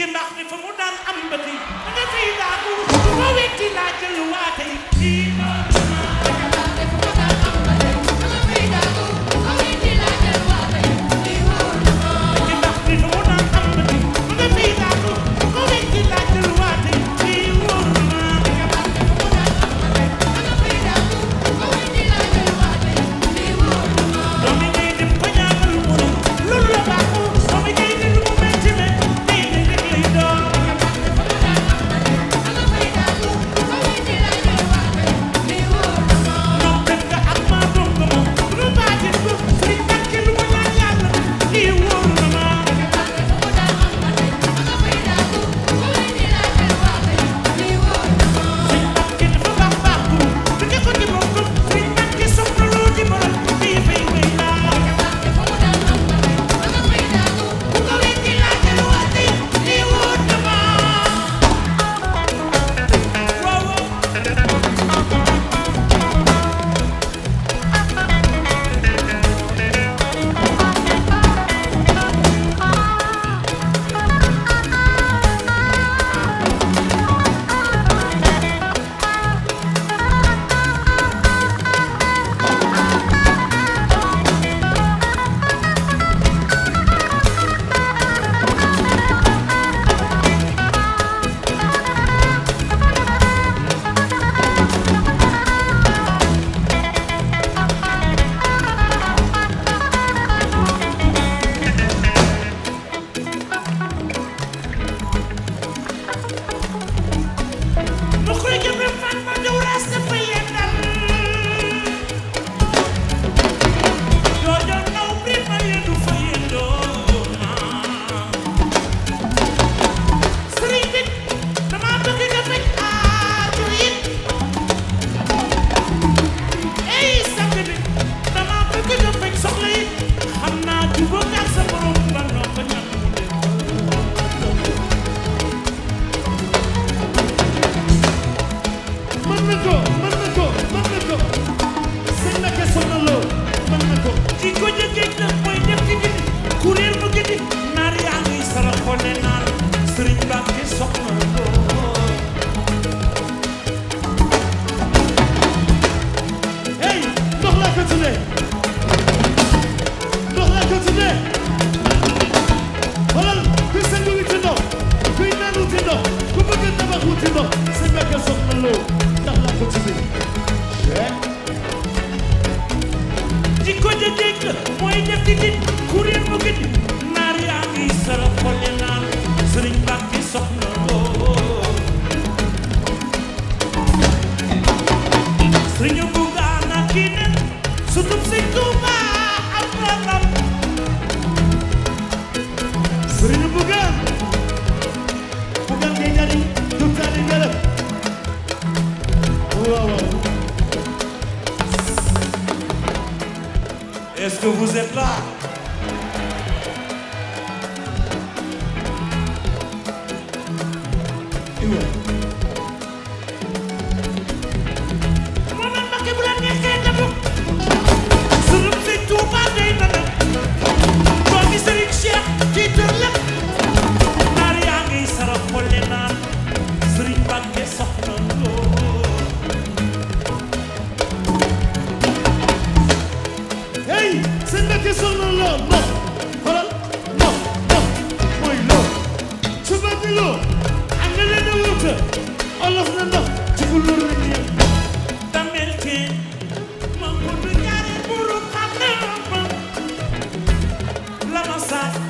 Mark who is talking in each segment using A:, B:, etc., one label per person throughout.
A: fekk ndax ni fa mu daan am ba tey da nga fiy daanu ba wetti laa Bye.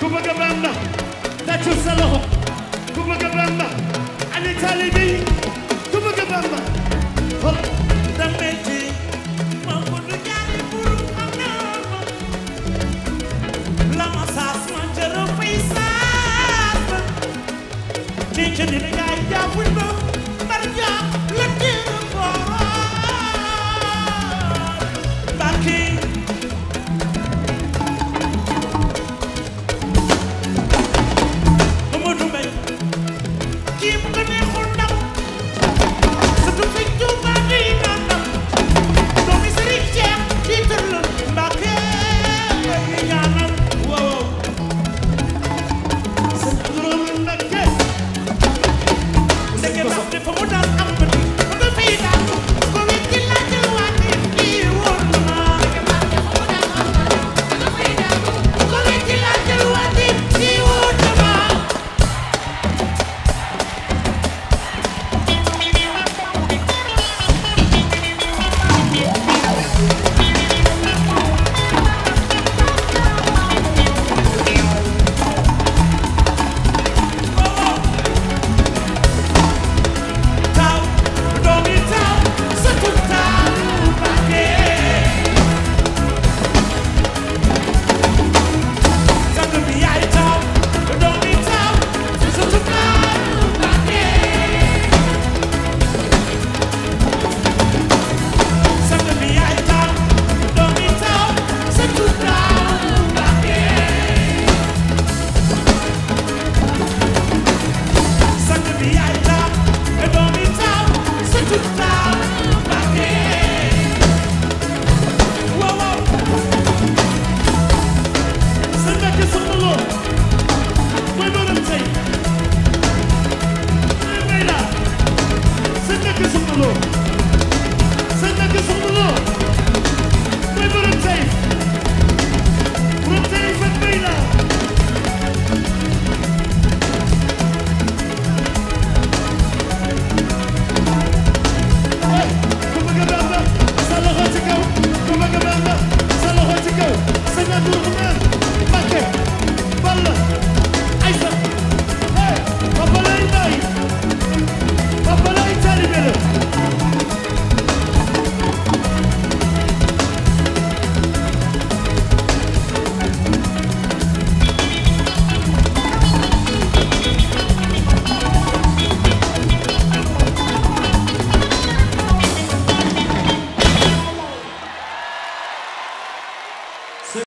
A: ku bëgg Bamba tàccul sa loxo ku bëgg Bamba ani taalibe yi ci ma ko du jaari buru la ma saas ma jërëm fay saas ma ni jëndi na jaay